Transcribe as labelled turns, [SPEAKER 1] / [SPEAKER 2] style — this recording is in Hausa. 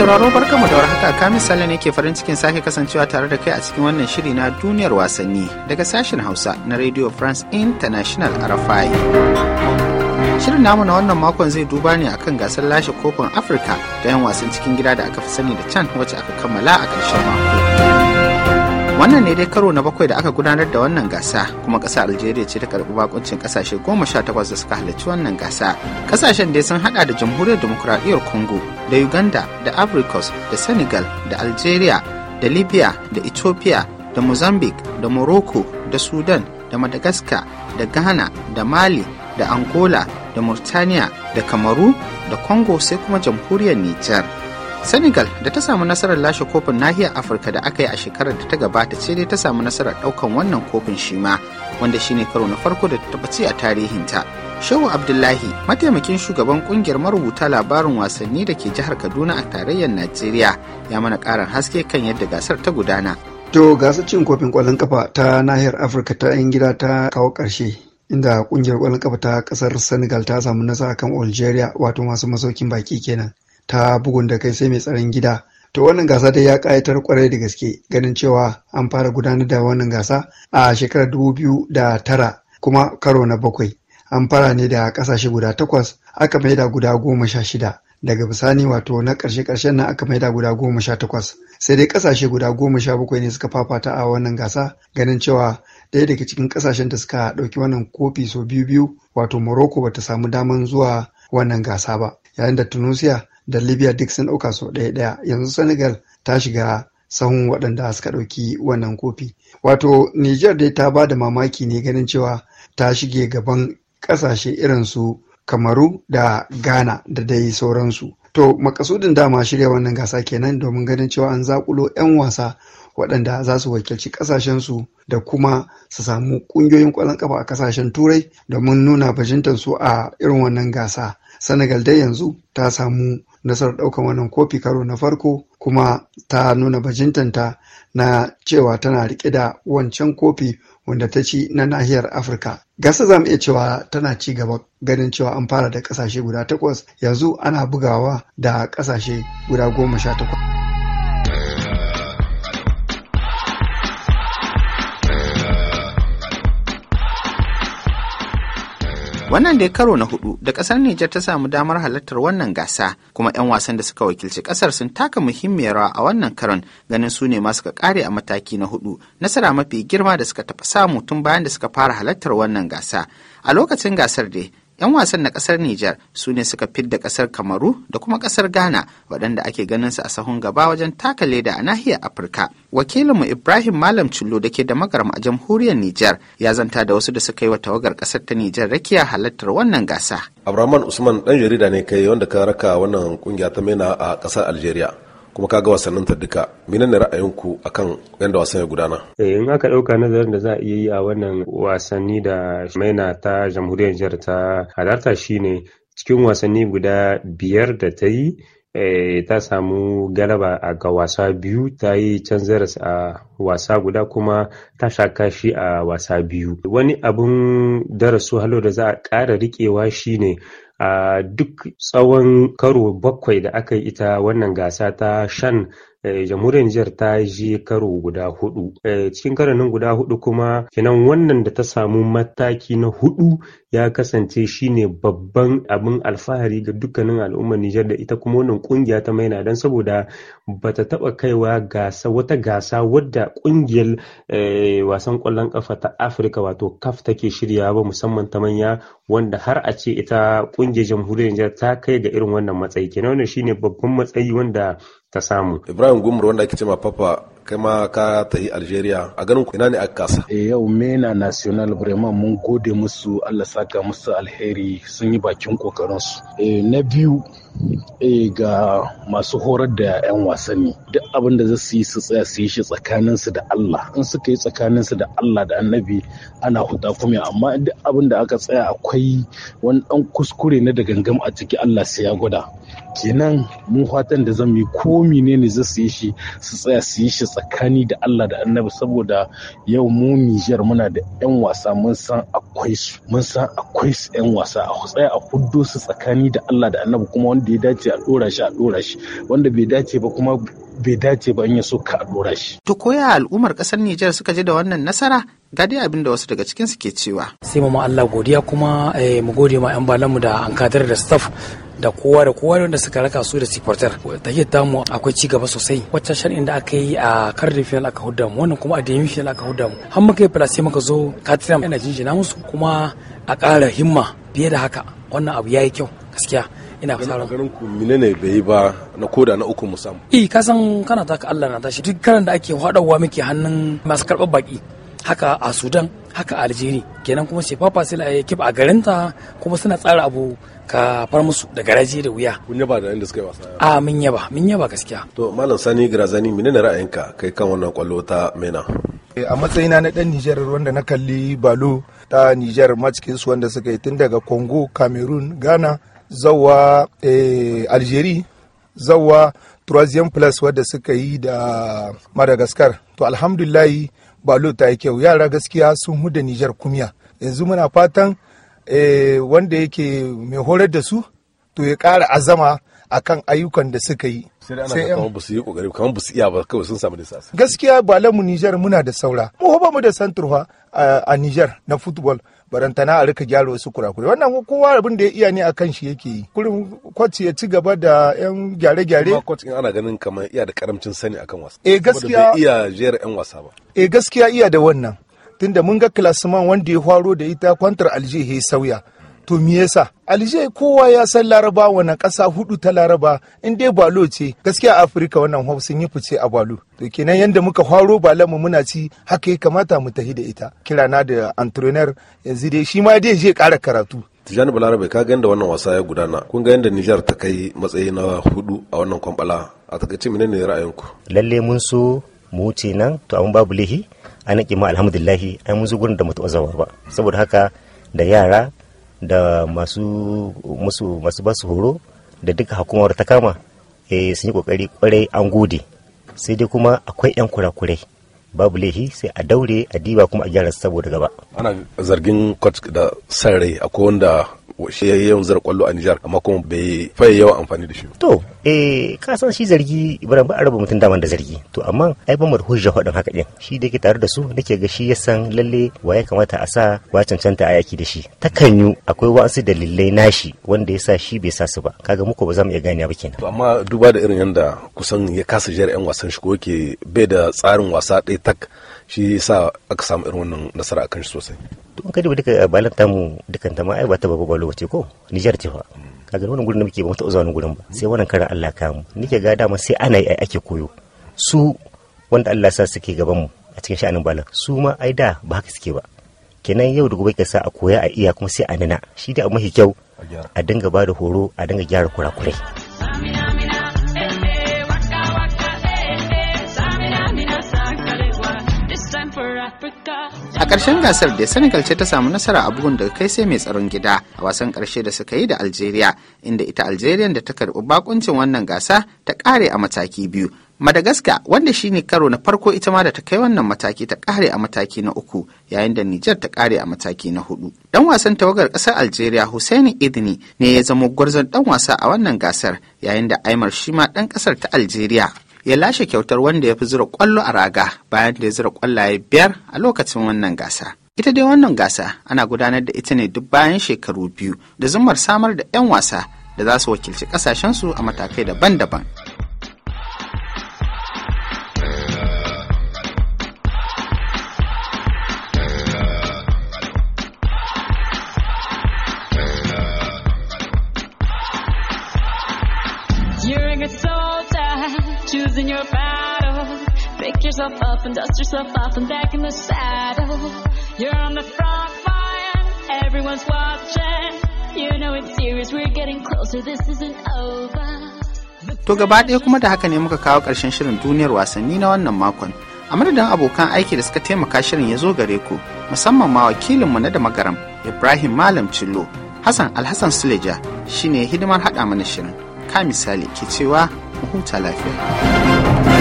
[SPEAKER 1] sauraro barkamu da warhaka kami sallah ne ke farin cikin sake kasancewa tare da kai a cikin wannan shiri na duniyar wasanni daga sashen hausa na radio france international rfi shirin namu na wannan makon zai duba ne akan gasar lashe kofin afirka da 'yan wasan cikin gida da aka fi sani da can wacce aka kammala a ƙarshen mako wannan ne dai karo na bakwai da aka gudanar da wannan gasa kuma ƙasa algeria ce ta karɓi bakuncin ƙasashe goma sha takwas da suka halarci wannan gasa ƙasashen dai sun haɗa da jamhuriyar demokuraɗiyyar congo da uganda da africos da senegal da algeria da libya da ethiopia da mozambique da morocco da sudan da madagascar da ghana da mali da angola da murtaniya da kamaru da congo sai kuma jamhuriyar nijar Senegal da ta samu nasarar lashe kofin nahiyar Afirka da aka yi a shekarar da ta gabata ce dai ta samu nasarar ɗaukan wannan kofin shi ma wanda shine karo na farko da ta taɓa ci a tarihinta. Shehu Abdullahi mataimakin shugaban kungiyar marubuta labarin wasanni da ke jihar Kaduna a tarayyar Najeriya ya mana ƙarin haske kan yadda gasar ta gudana.
[SPEAKER 2] To gasar cin kofin ƙwallon kafa ta nahiyar Afirka ta 'yan gida ta kawo karshe inda kungiyar kwallon kafa ta kasar senegal ta samu nasara kan algeria wato masu masaukin baki kenan ta bugun da kai sai mai tsaron gida to wannan gasa dai ya ƙayatar kwarai da gaske ganin cewa an fara gudanar da wannan gasa a shekarar dubu biyu da tara kuma karo na bakwai an fara ne da ƙasashe guda takwas aka maida guda goma sha shida daga bisani wato na ƙarshe ƙarshen nan aka maida guda goma sha takwas sai dai ƙasashe guda goma sha bakwai ne suka fafata a wannan gasa ganin cewa ɗaya daga cikin ƙasashen da suka ɗauki wannan kofi sau biyu biyu wato morocco bata samu daman zuwa wannan gasa ba yayin da tunisia da libya duk sun ɗauka sau ɗaya ɗaya yanzu senegal ta shiga sahun waɗanda suka ɗauki wannan kofi wato niger dai ta ba da mamaki ne ganin cewa ta shige gaban ƙasashe irin su kamaru da ghana da dai sauransu to makasudin dama shirya wannan gasa kenan domin ganin cewa an zakulo 'yan wasa waɗanda za su wakilci ƙasashensu da kuma su samu ƙungiyoyin ƙwallon ƙafa a ƙasashen turai domin nuna bajintansu a irin wannan gasa senegal dai yanzu ta samu nasarar ɗaukar wannan kofi karo na farko kuma ta nuna bajintanta na cewa tana rike da wancan kofi wanda ta ci na nahiyar afirka gasa za mu iya cewa tana ci gaba ganin cewa an fara da ƙasashe guda takwas yanzu ana bugawa da ƙasashe guda goma sha takwas
[SPEAKER 1] Wannan dai karo na hudu da kasar Nijar ta samu damar halartar wannan gasa kuma 'yan wasan da suka wakilci kasar sun taka muhimmiyar rawa a wannan karon ganin su ne ma suka kare a mataki na hudu nasara mafi girma da suka taɓa samu tun bayan da suka fara halartar wannan gasa. A lokacin gasar dai 'Yan wasan na kasar Nijar su ne suka fidda kasar Kamaru da kuma kasar Ghana waɗanda ake ganin su a sahun gaba wajen taka leda a nahiyar Afirka. Wakilinmu Ibrahim Malam Cullo da ke da magaram a jamhuriyar Nijar ya zanta da wasu da suka yi wa tawagar kasar ta Nijar rakiya halartar wannan gasa. Abraman Usman ɗan jarida
[SPEAKER 3] ne kai wanda ka raka wannan kungiya ta mena a kasar Algeria. kuma kaga wasannin ta duka menene ra'ayinku akan yadda wasan ya gudana
[SPEAKER 4] eh in aka dauka nazarin da za a yi a wannan wasanni da maina ta jamhuriyar jihar ta halarta shine cikin wasanni guda biyar da ta yi eh, ta samu galaba a ga wasa biyu ta yi can a wasa guda kuma ta sha kashi a wasa biyu wani abun darasu halo da za a ƙara riƙewa shine a duk tsawon karo bakwai da aka yi ita wannan gasa ta shan Eh, jamhuriyar Nijar ta je karo guda hudu. Eh, cikin karanin guda hudu kuma kenan wannan da ta samu mataki na hudu ya kasance shine babban abin alfahari ga dukkanin al'ummar Nijar da ita kuma wannan kungiya ta maina don saboda bata taba kaiwa gasa wata gasa wadda kungiyar eh, wasan kwallon kafa ta Afirka wato kaf take shirya ba musamman ta manya wanda har a ce ita kungiyar jamhuriyar Nijar ta kai ga irin wannan matsayi kenan wannan shine babban matsayi wanda ta samu. Ibrahim Gumru wanda ake
[SPEAKER 3] cewa Papa kai ma ka tafi Algeria a ganin ku ina ne aka kasa. E eh, yau Mena National Bremen mun gode musu Allah saka musu alheri sun yi bakin kokarin su. E eh, na biyu e ga masu horar da 'yan wasanni duk abin da za su yi su tsaya su yi shi tsakaninsu da Allah in suka yi su da Allah da annabi ana huta kuma amma duk abin da aka tsaya akwai wani dan kuskure na da gangam a ciki Allah sai ya gwada kenan mun fatan da zan yi ko mine ne za su yi shi su tsaya su yi shi tsakani da Allah da annabi saboda yau mu Niger muna da 'yan wasa mun san akwai su mun san akwai su 'yan wasa a tsaya a huddo su tsakani da Allah
[SPEAKER 1] da annabi kuma wanda ya dace a dora shi a dora shi wanda bai dace ba kuma bai dace ba in ya so ka dora shi. To koya al'ummar kasar Nijar suka ji da wannan nasara ga dai abin da wasu daga cikin su ke cewa. Sai mu Allah godiya kuma eh, mu gode ma 'yan balanmu da an kadar da staff da kowa da kowa wanda suka raka su da supporter tahiyar tamu akwai ci gaba sosai wacce shan da aka yi a Cardiff final aka huda mu wannan kuma a Demi final aka huda mu har muka yi sai muka zo Katram ina jinjina musu kuma a ƙara himma fiye da haka wannan abu yayi kyau gaskiya ina fasaran
[SPEAKER 3] garin ku menene bai ba na koda na uku musamman.
[SPEAKER 1] eh kasan kana taka Allah na tashi duk karan da ake hadawa muke hannun masu karɓar baki haka a sudan haka a aljeri kenan kuma sila ya kiba a garinta kuma suna tsara abu ka far musu
[SPEAKER 3] da
[SPEAKER 5] garaje da wuya kun yaba da inda suka yi wasa a mun yaba mun yaba gaskiya
[SPEAKER 3] to malam sani girazani menene ra'ayinka kai kan wannan kwallo ta mena
[SPEAKER 5] eh, a matsayina na dan Nijar wanda na kalli balo ta Nijar matchkin su wanda suka yi tun daga Congo, Cameroon, Ghana, zawa eh, Algeria, zawa Troisième place wadda suka yi da Madagascar. To alhamdulillah balo ta yi kyau yara gaskiya sun huda nijar kumiya yanzu muna fatan eh, wanda yake mai horar da su to ya ƙara azama a kan ayyukan da suka yi sai ana
[SPEAKER 3] kama su yi kokari kama ba iya ba kawai sun samu
[SPEAKER 5] gaskiya ba lamu Nijar muna da saura mu ba mu da santurwa eh, a Nijar na football barantana a rika gyara wasu kurakure wannan kowa abin da ya iya ne kan shi yake yi Kullum kwat ya ci gaba da yan gyare-gyare
[SPEAKER 3] kwat in ana ganin kamar iya da karamcin sani akan wasa e gaskiya iya jera yan wasa ba
[SPEAKER 5] e gaskiya iya da wannan tunda mun ga kilasiman wanda ya faro da ita kwantar aljihi sauya to me yasa Alije kowa ya san Laraba wannan ƙasa hudu ta Laraba in dai balo ce gaskiya Afirka wannan hausin yi fice a balo. To kenan yanda muka faro mu muna ci haka ya kamata mu tafi da ita. na da entrepreneur yanzu dai shi ma dai je ƙara karatu.
[SPEAKER 3] Tijjani Balarabe ka ga yadda wannan wasa ya gudana. Kun ga yadda Nijar ta kai matsayi na hudu a wannan kwambala. A takaice menene ra'ayinku?
[SPEAKER 4] Lalle mun so mu wuce nan to amma babu lihi. Ana ma alhamdulillahi ai mun zo gurin da mutu azawa ba. Saboda haka da yara da masu musu masu basu horo da duka hukumar ta kama eh sun yi kokari kwarai an gode sai dai kuma akwai yan kurakurai babu laifi sai a daure a diba kuma a gyara saboda gaba
[SPEAKER 3] ana zargin kot da san rai akwai wanda shi yawan zar kwallo a Nijar amma kuma bai faye yawan amfani da shi
[SPEAKER 4] to eh ka san shi zargi ibrahim ba raba mutum daman da zargi to amma ai ban da hujja faɗin haka din shi da ke tare da su nake ga shi ya san lalle wa ya kamata a sa wa cancanta a yaki da shi takan yu akwai wasu dalilai nashi wanda ya sa shi bai sa su ba kaga muku ba za mu iya gane ba kenan
[SPEAKER 3] amma duba da irin yanda kusan ya kasa jiyar yan wasan shi ko yake bai da tsarin wasa ɗaya tak shi sa aka samu irin wannan nasara akan shi sosai
[SPEAKER 4] to in ka duba duka balantamu dukan ta ma ai ba ta balo lokaci ko Nijar ce fa hmm. kaga wannan gurin da muke ba mu zuwa gurin ba sai wannan karan Allah ka mu nike ga dama sai ana yi ake koyo su wanda Allah sa suke gaban mu a cikin sha'anin balan su ma ai da ba haka suke ba kenan yau da gobe ka sa a koya a iya kuma sai a nina shi da mafi kyau a dinga ba da horo a dinga gyara kurakurai
[SPEAKER 1] Karshen gasar da Senegal ce ta samu nasara a bugun daga kai sai mai tsaron gida a wasan ƙarshe da suka yi da Algeria inda ita Algeria da ta karɓi bakuncin wannan gasa ta ƙare a mataki biyu. Madagascar wanda shine karo na farko ita ma da ta kai wannan mataki ta kare a mataki na uku yayin da Nijar ta kare a mataki na hudu. Dan wasan tawagar ƙasar Algeria Hussaini Idni ne ya zama gwarzon dan wasa a wannan gasar yayin da Aimar shi ma ɗan ƙasar ta Algeria ya lashe kyautar wanda ya fi zura kwallo a raga bayan da ya zura kwallaye biyar a lokacin wannan gasa. Ita dai wannan gasa ana gudanar da ita ne duk bayan shekaru biyu da zumar samar da 'yan wasa da za su wakilci kasashensu a matakai daban-daban.
[SPEAKER 2] your battle. Pick yourself up and dust yourself off and back in the saddle. You're on the front line, everyone's watching. You know it's serious, we're getting closer, this isn't over.
[SPEAKER 1] To gaba ɗaya kuma da haka ne muka kawo ƙarshen shirin duniyar wasanni na wannan makon. A madadin abokan aiki da suka taimaka shirin ya zo gare ku, musamman ma wakilinmu na da magaram Ibrahim Malam Cillo, Hassan Alhassan Suleja shine hidimar haɗa
[SPEAKER 5] mana shirin. ka misali ke cewa mu huta lafiya.